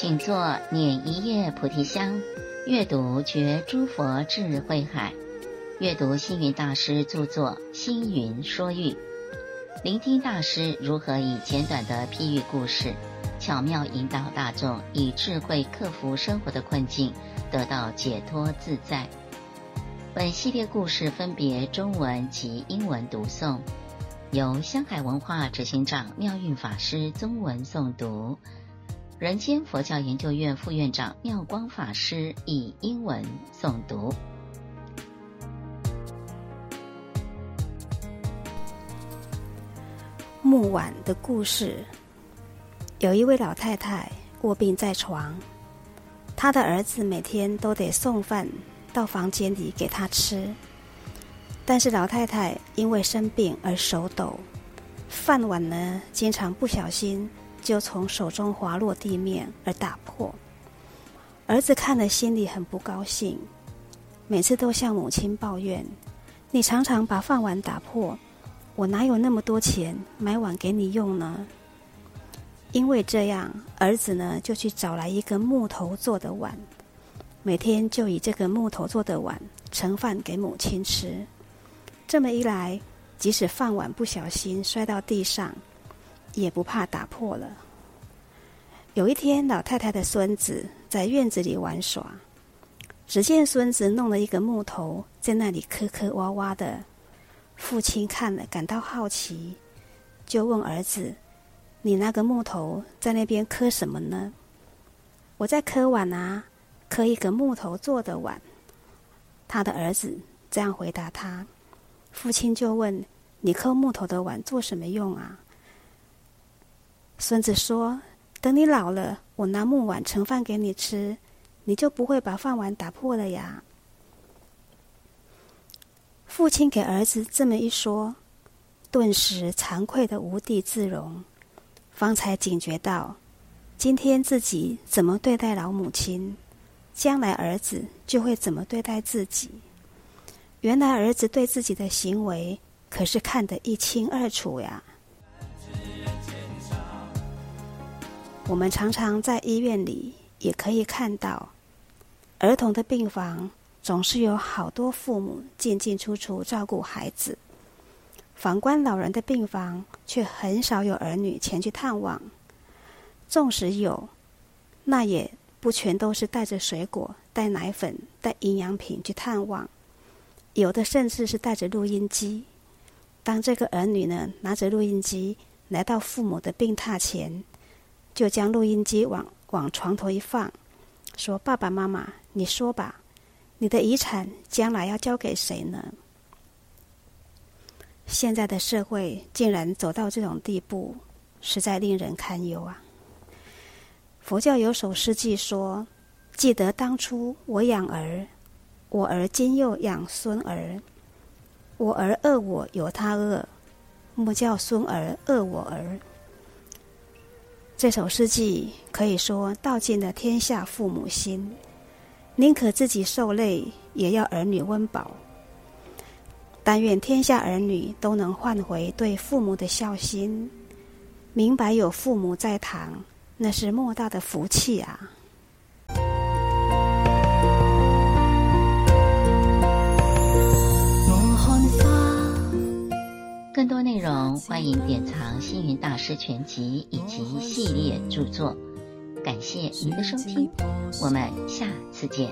請坐，捻一葉菩提香，閱讀覺諸佛智慧海，閱讀星雲大師著作《星雲說喻》，聆聽大師如何以簡短的譬喻故事，巧妙引導大眾以智慧克服生活的困境，得到解脫自在。本系列故事分別中文及英文讀誦，由香海文化執行長妙韻法師中文誦讀。人間佛教研究院副院長妙光法師以英文誦讀《木碗的故事》。有一位老太太臥病在床，她的兒子每天都得送飯到房間裡給她吃，但是老太太因為生病而手抖，飯碗呢，經常不小心。就從手中滑落地面而打破。兒子看了心裡很不高興，每次都向母親抱怨：“你常常把飯碗打破，我哪有那麼多錢買碗給你用呢？”因為這樣，兒子呢就去找來一個木頭做的碗，每天就以這個木頭做的碗盛飯給母親吃。這麼一來，即使飯碗不小心摔到地上，也不怕打破了。有一天，老太太的孫子在院子裡玩耍，只見孫子弄了一個木頭，在那裡磕磕哇哇的。父親看了，感到好奇，就問兒子：“你那個木頭在那邊磕什麼呢？”“我在磕碗啊，磕一個木頭做的碗。”他的兒子這樣回答他。父親就問：“你磕木頭的碗做什麼用啊？”孫子說：“等你老了，我拿木碗盛飯給你吃，你就不會把飯碗打破了呀。”父親給兒子這麼一說，頓時慚愧的無地自容，方才警覺到，今天自己怎麼對待老母親，將來兒子就會怎麼對待自己。原來兒子對自己的行為可是看得一清二楚呀。我們常常在醫院裡也可以看到，兒童的病房總是有好多父母進進出出照顧孩子。反觀老人的病房，卻很少有兒女前去探望。縱使有，那也不全都是帶着水果、帶奶粉、帶營養品去探望，有的甚至是帶着錄音機。當這個兒女呢，拿着錄音機來到父母的病榻前。就將錄音機往往床頭一放，說：“爸爸媽媽，你說吧，你的遺產將來要交給誰呢？”現在的社會竟然走到這種地步，實在令人堪憂啊！佛教有首詩偈說：“記得當初我養兒，我兒今又養孫兒，我兒餓我由他餓，莫教孫兒餓我兒。”這首詩偈可以說道盡了天下父母心，寧可自己受累，也要兒女溫飽。但願天下兒女都能喚回對父母的孝心，明白有父母在堂，那是莫大的福氣啊！更多內容，歡迎典藏星雲大師全集以及系列著作。感謝您的收聽，我們下次見。